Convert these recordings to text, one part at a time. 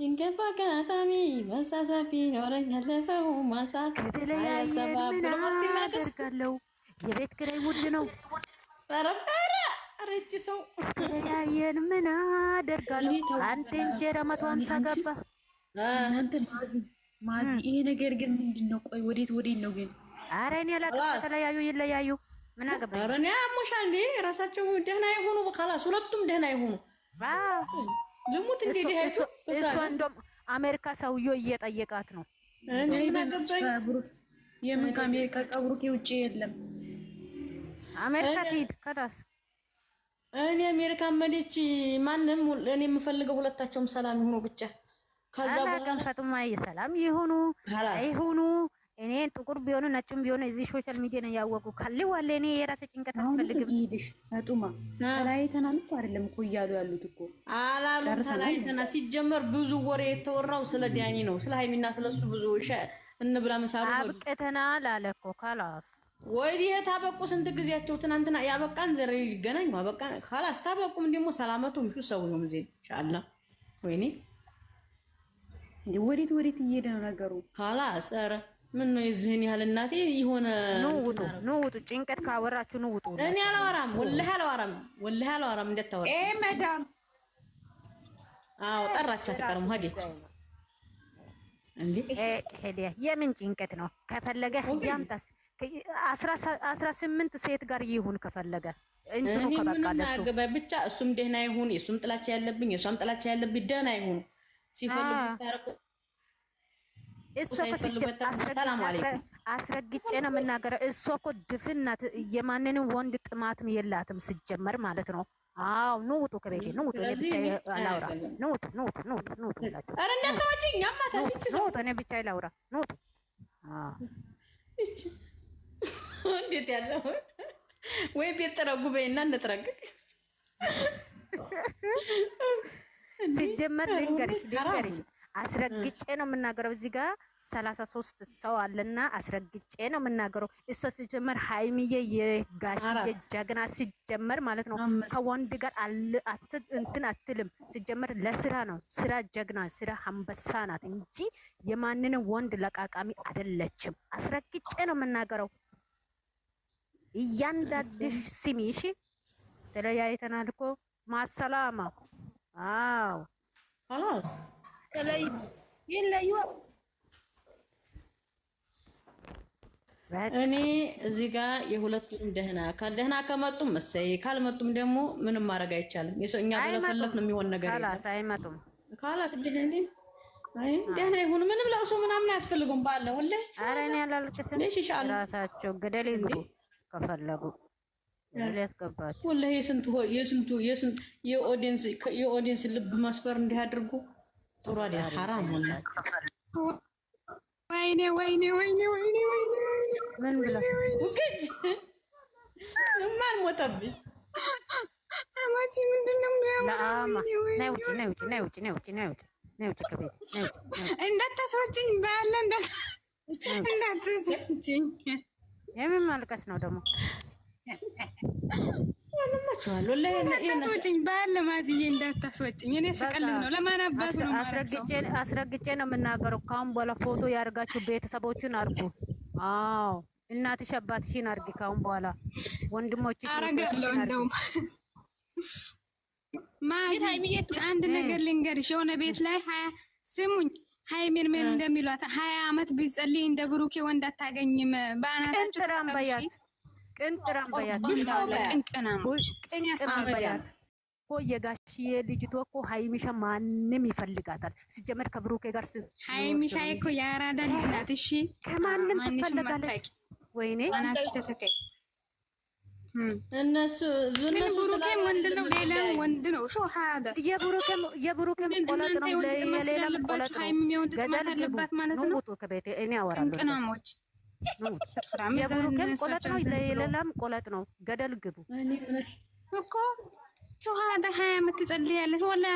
ድንገት በአጋጣሚ መሳሳፊ ኖረኝ ያለፈው ማሳት የተለያየምናደርጋለው የቤት ኪራይ ውድ ነው። በረበረ ረች ሰው የተለያየን ምን አደርጋለሁ። አንድ እንጀራ መቶ ሀምሳ ገባ። እናንተ ማዚ ማዚ፣ ይሄ ነገር ግን ምንድን ነው? ቆይ ወዴት ወዴት ነው ግን? አረ እኔ አላውቅም። ይለያዩ ምን አገባኝ። አረ እኔ አሞሻ እንዴ! ራሳቸው ደህና የሆኑ ካላስ ሁለቱም ደህና የሆኑ ልሙት እንዴ እሷ እንደውም አሜሪካ ሰውዬው እየጠየቃት ነው። የምን ከአሜሪካ ከብሩኬ ውጭ የለም። አሜሪካ ትሂድ ከዳስ እኔ አሜሪካ መዲች ማንም እኔ የምፈልገው ሁለታቸውም ሰላም ይሁኑ ብቻ። ከዛ በኋላ ፈጥማ ሰላም ይሁኑ አይሁኑ እኔ ጥቁር ቢሆኑ ነጭም ቢሆኑ እዚህ ሶሻል ሚዲያ ነው ያወቁ ካለ ዋለ እኔ የራሴ ጭንቀት አልፈልግም። ይሄድሽ ነጡማ ተለያይተናል እኮ አይደለም እኮ እያሉ ያሉት እኮ አላሉ ተና ሲጀመር ብዙ ወሬ የተወራው ስለ ዲያኒ ነው፣ ስለ ሀይሚና ስለሱ ብዙ ሸ እንብላ መሳሩ አብቅተና አለ እኮ ካላስ ወዲህ የታበቁ ስንት ጊዜያቸው ትናንትና ያበቃን ዘር ይገናኙ አበቃ ካላስ ታበቁም ደግሞ ሰላመቱ ምሹ ሰው ነው ዜ ኢንሻአላ ወይኔ ወዴት ወዴት እየሄደ ነው ነገሩ ካላስ ኧረ ምን ነው የዚህን ያህል እናቴ የሆነ ንውጡ ንውጡ ጭንቀት ካወራችሁ ንውጡ። እኔ አላወራም፣ ወላሂ አላወራም፣ ወላሂ አላወራም። እንደታወራ እህ መዳም አዎ፣ ጠራቻት ቀርም ሄደች እንዴ የምን ጭንቀት ነው? ከፈለገ ያምጣስ አስራ ስምንት ሴት ጋር ይሁን ከፈለገ እንትኑ ከበቃለ አገባኝ ብቻ። እሱም ደህና ይሁን፣ የእሱም ጥላቻ ያለብኝ፣ የእሷም ጥላቻ ያለብኝ ደህና ይሁን ሲፈልግ ታረቁ እሷ አስረግጬ ነው የምናገረው። እሷ እኮ ድፍን የማንንም ወንድ ጥማትም የላትም ሲጀመር ማለት ነው። አዎ ኑ ውጡ፣ ከቤቴ ኑ ውጡ። ላውራ ኑ ውጡ፣ ኑ ውጡ፣ ኑ ውጡ፣ ኑ ውጡ። እኔ ብቻ ላውራ ኑ ውጡ። እንዴት ያለው ወይ ቤት ጥረጉ በይና እንጥረግ ሲጀመር ልንገርሽ ልንገርሽ አስረግጬ ነው የምናገረው። እዚህ ጋር ሰላሳ ሶስት ሰው አለና አስረግጬ ነው የምናገረው። እሷ ሲጀመር ሀይሚዬ የጋሽዬ ጀግና ሲጀመር ማለት ነው ከወንድ ጋር እንትን አትልም። ሲጀመር ለስራ ነው ስራ ጀግና ስራ አንበሳ ናት እንጂ የማንንም ወንድ ለቃቃሚ አይደለችም። አስረግጬ ነው የምናገረው። እያንዳንድሽ ስሚ እሺ። ተለያይተናል እኮ ማሰላማ። አዎ እኔ እዚህ ጋር የሁለቱም ደህና ደህና ከመጡም እሰይ፣ ካልመጡም ደግሞ ምንም ማድረግ አይቻልም። የሰው እኛ በለፈለፍ ነው የሚሆን ነገር አይመጡም። ካላስ ደህና ይሁኑ። ምንም ለቅሶ ምናምን አያስፈልጉም። ባለ ሁሌ ራሳቸው ገደል ይግቡ ከፈለጉ ወላሂ የስንቱ የኦዲየንስ ልብ መስበር እንዲህ አድርጉ ጥሩ አይደል? ሐራም ወላ ወይኔ ወይኔ ወይኔ ወይኔ ወይኔ ምን ብላ ግድ ማን ሞተብሽ? አማቺ ምንድን ነው እንዳታስወጪኝ፣ በያለ እንዳታስወጪኝ። የምን ማልቀስ ነው ደግሞ? እመችዋለሁ። እንዳታስወጭኝ እንዳታስወጭኝ። እኔ ስቀልድ ነው። ለማን አባቱ ነው? አስረግጬ ነው የምናገረው። ካሁን በኋላ ፎቶ ያደርጋችሁ ቤተሰቦችን አርጉ። አዎ እናትሽ አባትሽን አርጊ። ካሁን በኋላ ወንድሞችሽ አረጋለሁ። እንደውም ማዚ አንድ ነገር ልንገርሽ። የሆነ ቤት ላይ ሀያ ስሙኝ ሃይሜን ምን እንደሚሏት ሀያ አመት ቢጸልይ እንደ ብሩኬ ወንድ አታገኝም። በአናታችሁ ቅንጥራም በያት ቅንቅናሞች በያት እኮ የጋሽዬ ልጅቷ እኮ ሀይሚሻ ማንም ይፈልጋታል። ሲጀመር ከብሩኬ ጋር ሀይሚሻ እኮ የአራዳ ልጅ ናት። እሺ ከማንም ትፈልጋለች። ወይኔ እነሱ እነሱ ወንድ ነው፣ ሌላም ወንድ ነው። ሾ ሀደ የብሩኬም ቆለጥ ነው። ሌላም ቆለጥ ነው። ገደል ግቡ ማለት ነው። ቅንቅናሞች የብሩክም ቆለጥ ነው፣ ለሌላም ቆለጥ ነው። ገደል ግቡ እኮ ሀያ የምትጸልይ ያለች ወላ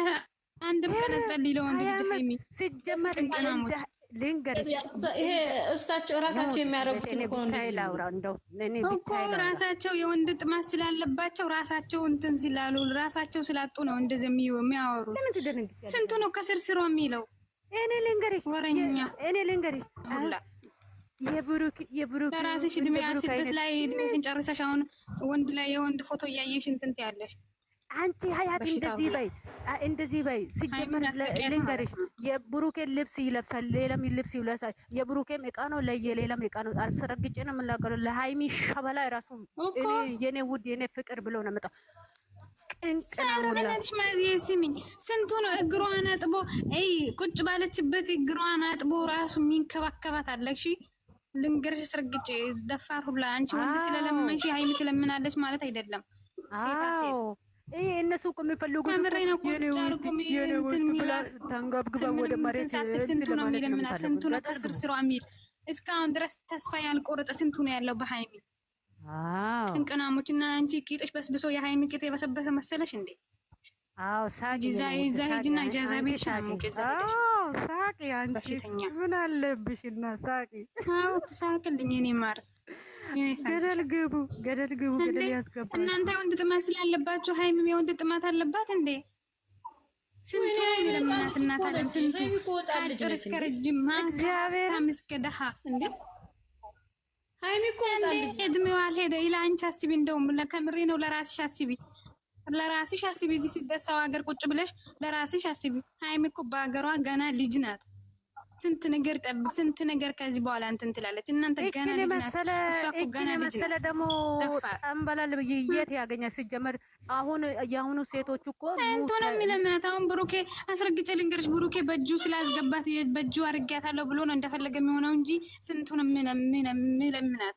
አንድም ቀን አስጸልይ ለወንድ ልጅ ሀይሚ ሲጀመር የሚያደርጉት እኮ ራሳቸው የወንድ ጥማት ስላለባቸው ራሳቸው እንትን ስላሉ ራሳቸው ስላጡ ነው እንደዚህ የሚያወሩት። ስንቱ ነው ከስርስሮ የሚለው እኔ ልንገርህ ወረኛ እኔ ልንገርህ ለራስሽ እድሜ ስድስት ላይ እድሜሽን ጨርሰሽ አሁን ወንድ ላይ የወንድ ፎቶ እያየሽ እንትንት ያለሽ አንቺ ሀያት እንደዚህ በይ እንደዚህ በይ። ሲጀመር ልንገርሽ የብሩኬን ልብስ ይለብሳል፣ ሌላም ልብስ ይለብሳል። የብሩኬም እቃ ነው፣ ለየሌላም እቃ ነው። አስረግጬ ነው የምናገረው። ለሀይሚ ሸበላ ራሱ የኔ ውድ የኔ ፍቅር ብሎ ነው መጣ ቅንቅናለሽ ማዚህ ስሚኝ፣ ስንቱ ነው እግሯን አጥቦ ቁጭ ባለችበት እግሯን አጥቦ ራሱ የሚንከባከባት አለሽ። ልንገርሽ ስርግጭ ደፋር ሁላ አንቺ ወንድ ስለለመንሽ ሀይሚ ትለምናለች ማለት አይደለም። ይህ እነሱ እኮ የሚፈልጉት ተንገብግባ ወደ መሬት ስንቱ ነው የሚለምና ስንቱ ነው ከስርስሮ የሚል እስካሁን ድረስ ተስፋ ያልቆረጠ ስንቱ ነው ያለው በሀይሚ ቅንቅናሞች እና አንቺ ቂጥሽ በስብሶ የሀይሚ ቂጥ የበሰበሰ መሰለሽ እንዴ? ዛ ሂጂና ጃዛ ቤት ሻሙቄ ዘበደሽ ሳቂ። አንቺ ምን አለብሽ እና ሳቂ። አዎ ትሳቅልኝ። እኔ ማር ገደል ግቡ፣ ገደል ግቡ፣ ገደል ያስገባ። እናንተ ወንድ ጥማት ስላለባችሁ ሃይሚ የወንድ ጥማት አለባት እንዴ? ስንቱ ለምናት እናት አለም ስንቱ ከአጭር እስከ ረጅም እኮ እድሜዋ አልሄደ አንቺ አስቢ። እንደውም ከምሬ ነው፣ ለራስሽ አስቢ። ለራስሽ አስቢ። እዚህ ስደት ሰው ሀገር ቁጭ ብለሽ ለራስሽ አስቢ። ሀይሚ እኮ በሀገሯ ገና ልጅ ናት። ስንት ነገር ጠብቅ፣ ስንት ነገር ከዚህ በኋላ እንትን ትላለች። እናንተ ገና ልጅ ናት፣ እሷ እኮ ገና ልጅ ናት። ደግሞ ጠንበላል የት ያገኛል? ሲጀመር አሁን የአሁኑ ሴቶች እኮ ስንቱ ነው የሚለምናት። አሁን ብሩኬ አስረግጬ ልንገርሽ፣ ብሩኬ በእጁ ስላስገባት በእጁ አርጊያታለሁ ብሎ ነው እንደፈለገ የሚሆነው እንጂ ስንቱ ነው የሚለምናት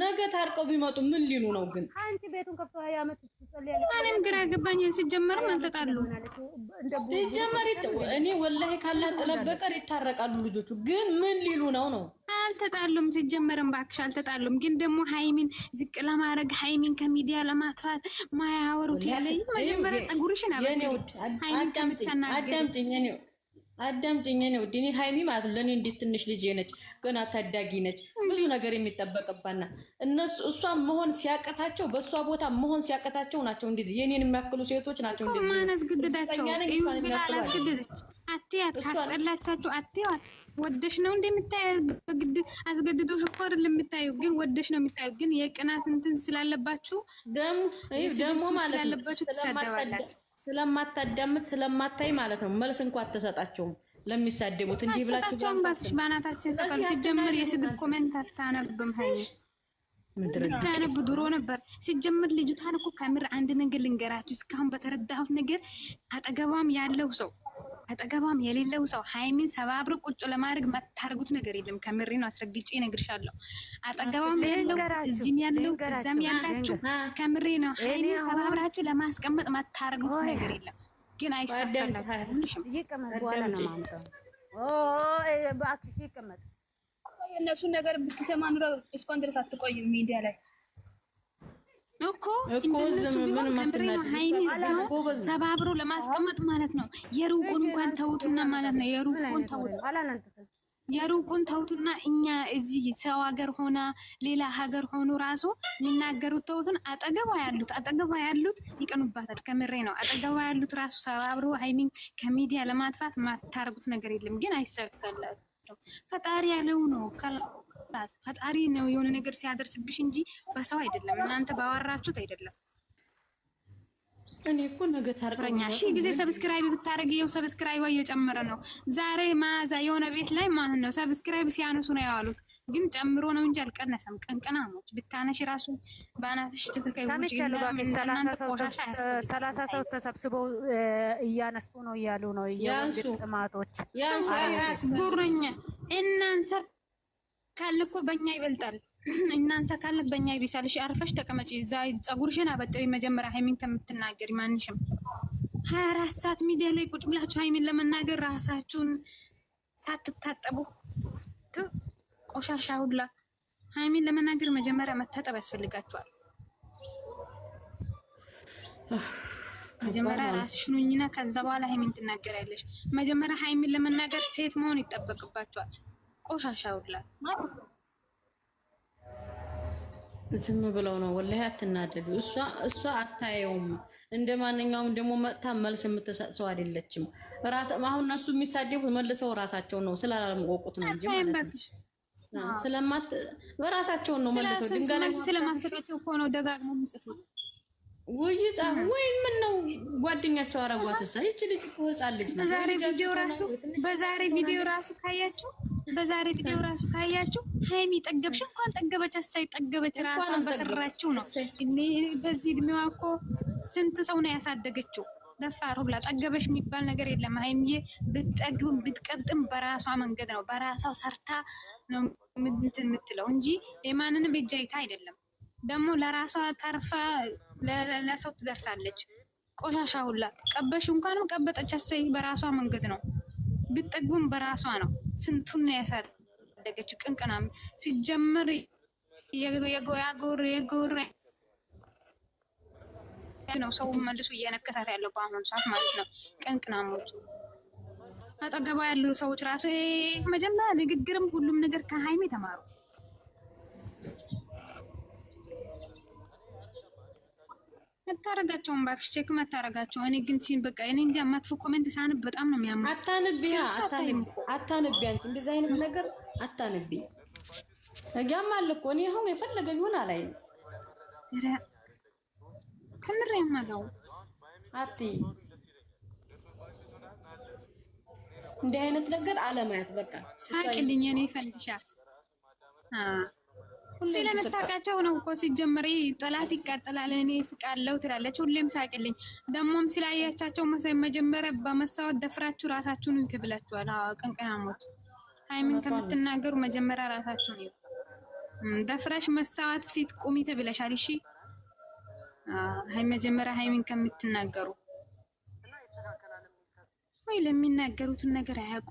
ነገ ታርቀው ቢመጡ ምን ሊሉ ነው? ግን አንቺ ቤቱን ከፍቶ ያመት ማንም ግራ ገባኝ። ሲጀመርም አልተጣሉ ሲጀመር እኔ ወላሂ ካላ ጥለብ በቀር ይታረቃሉ ልጆቹ። ግን ምን ሊሉ ነው ነው? አልተጣሉም። ሲጀመርም ባክሽ አልተጣሉም። ግን ደግሞ ሃይሚን ዝቅ ለማድረግ ሃይሚን ከሚዲያ ለማጥፋት ማያወሩት ያለ መጀመሪያ ጸጉርሽን አበጅ ሃይሚን እኔ አዳምጪኝ እኔ ውድ እኔ ሀይሚ ማለት ነው ለእኔ እንዴት ትንሽ ልጅ ነች፣ ገና ታዳጊ ነች። ብዙ ነገር የሚጠበቅባና እነሱ እሷ መሆን ሲያቀታቸው በእሷ ቦታ መሆን ሲያቀታቸው ናቸው እንደዚህ የኔን የሚያክሉ ሴቶች ናቸው እንደዚህ ማናስገድዳቸው ብላ አላስገደደች። አትያት ካስጠላቻችሁ አትያት። ወደሽ ነው እንደምታይ በግድ አስገድዶሽ እኮ አይደል የምታዩ፣ ግን ወደሽ ነው የምታዩ። ግን የቅናት እንትን ስላለባችሁ ደግሞ ደግሞ ማለት ነው ስላለባችሁ ትሰደባላችሁ ስለማታዳምጥ ስለማታይ ማለት ነው። መልስ እንኳ አትሰጣቸውም ለሚሳደቡት እንዲህ ብላችሁ ባትሽ ባናታቸው ተቀም ሲጀምር የስድብ ኮሜንት አታነብም። ሀይ ታነብ ድሮ ነበር ሲጀምር። ልጅቷን እኮ ከምር አንድ ነገር ልንገራችሁ፣ እስካሁን በተረዳሁት ነገር አጠገባም ያለው ሰው አጠገቧም የሌለው ሰው ሀይሚን ሰባብሮ ቁጭ ለማድረግ መታርጉት ነገር የለም። ከምሬ ነው፣ አስረግጬ እነግርሻለሁ። አጠገቧም ያለው እዚህም ያለው እዛም ያላችሁ ከምሬ ነው፣ ሀይሚን ሰባብራችሁ ለማስቀመጥ መታርጉት ነገር የለም። ግን አይሳካላችሁ። ይቀመጥ እነሱን ነገር ብትሰማ ኑሮ እስካሁን ድረስ አትቆይም ሚዲያ ላይ እኮ እንደነሱ ቢሆን ከምሬ ሀይሚ እስካሁን ሰባብሮ ለማስቀመጥ ማለት ነው። የሩቁን እንኳን ተውቱና ማለት ነው። የሩቁን ተውት፣ የሩቁን ተውቱና እኛ እዚህ ሰው ሀገር ሆና ሌላ ሀገር ሆኑ ራሱ የሚናገሩት ተውቱን። አጠገቧ ያሉት አጠገቧ ያሉት ይቀኑባታል። ከምሬ ነው። አጠገቧ ያሉት ራሱ ሰባብሮ ሀይሚን ከሚዲያ ለማጥፋት ማታርጉት ነገር የለም። ግን አይሳካላቸው ፈጣሪ ያለው ነው። ናት። ፈጣሪ ነው የሆነ ነገር ሲያደርስብሽ እንጂ በሰው አይደለም፣ እናንተ ባወራችሁት አይደለም። እኔ እኮ ነገ ታርቀኛ ሺ ጊዜ ሰብስክራይብ ብታደረግ ይኸው ሰብስክራይብ እየጨመረ ነው። ዛሬ ማዛ የሆነ ቤት ላይ ማለት ነው ሰብስክራይብ ሲያነሱ ነው የዋሉት፣ ግን ጨምሮ ነው እንጂ አልቀነሰም። ቀንቅናሞች ብታነሽ ራሱ በአናትሽ ተተካይቦች እናንተ ቆሻሻ ሰላሳ ሰው ተሰብስበው እያነሱ ነው እያሉ ነው ጥማቶች ጉርኛ እናንሰ ካለ እኮ በእኛ ይበልጣል። እናንተ ካል በእኛ ይብሳል። እሺ አርፈሽ ተቀመጪ። እዛ ጸጉርሽን አበጥሪ መጀመሪያ ሃይሚን ከምትናገሪ ማንሽም ሀያ አራት ሰዓት ሚዲያ ላይ ቁጭ ብላችሁ ሃይሚን ለመናገር ራሳችሁን ሳትታጠቡ ቆሻሻ ሁላ ሃይሚን ለመናገር መጀመሪያ መታጠብ ያስፈልጋችኋል። መጀመሪያ ራስሽን ሁኚና ከዛ በኋላ ሃይሚን ትናገሪያለሽ። መጀመሪያ ሃይሚን ለመናገር ሴት መሆን ይጠበቅባችኋል። ቆሻሻ ሁላ ዝም ብለው ነው። ወላሂ አትናደዱ። እሷ እሷ አታየውም። እንደ ማንኛውም ደግሞ መጥታ መልስ የምትሰጥሰው ሰው አይደለችም። ራስ አሁን እነሱ የሚሳደቡት መልሰው ራሳቸው ነው ስላላወቁት ነው እንጂ ማለት ነው ስለማት በራሳቸውን ነው መልሰው ድንጋይ ስለማሰቃቸው እኮ ነው ደጋግሞ የሚጽፉት። ውይ ጻፍ ወይ ምን ነው ጓደኛቸው አረጓት። እሷ ይቺ ልጅ እኮ ህጻን ልጅ ነው። በዛሬ ቪዲዮ ራሱ ካያቸው በዛሬ ቪዲዮ ራሱ ካያችሁ ሀይሚ ጠገብሽ እንኳን ጠገበች ጠገበች ራሷን በሰራችው ነው። በዚህ እድሜዋ እኮ ስንት ሰው ነው ያሳደገችው። ደፋር ሁላ ጠገበሽ የሚባል ነገር የለም። ሀይሚዬ ብትጠግብም ብትቀብጥም በራሷ መንገድ ነው፣ በራሷ ሰርታ ነው እንትን የምትለው እንጂ የማንንም እጅ አይታ አይደለም። ደግሞ ለራሷ ተርፋ ለሰው ትደርሳለች። ቆሻሻ ሁላ ቀበሽ እንኳንም ቀበጠች ሳይ በራሷ መንገድ ነው ብጠግቡም በራሷ ነው። ስንቱን ያሳደገችው ቅንቅና ሲጀመር የጎያጎር የጎር ነው ሰው መልሶ እየነከሳት ያለው በአሁኑ ሰዓት ማለት ነው። ቅንቅናሞች አጠገባ ያሉ ሰዎች ራሱ መጀመሪያ ንግግርም ሁሉም ነገር ከሀይሜ ተማሩ። መታረጋቸውን እባክሽ ቼክ መታረጋቸው። እኔ ግን ሲን በቃ እኔ እንጃ መጥፎ ኮሜንት ሳንብ በጣም ነው የሚያምር። አታንቢ አታንቢ፣ አንቺ እንደዚህ አይነት ነገር አታንቢ። ያማል እኮ እኔ አሁን የፈለገ ቢሆን አላይ ነው ከምር ያማለው አቲ እንዲህ አይነት ነገር አለማያት በቃ ሳቅልኝ እኔ ይፈልግሻል ስለምታውቃቸው ነው እኮ ሲጀመር ጠላት ይቃጠላል፣ እኔ ስቃለው ትላለች። ሁሌም ሳቅልኝ። ደግሞም ስላያቻቸው መጀመሪያ በመሳወት ደፍራችሁ ራሳችሁን ብላችኋል ቅንቅናሞች ሀይሚን ከምትናገሩ መጀመሪያ ራሳችሁን ይ ደፍረሽ መሳዋት ፊት ቁሚ ተብለሻል። እሺ ሀይ መጀመሪያ ሀይሚን ከምትናገሩ ወይ ለሚናገሩትን ነገር አያውቁ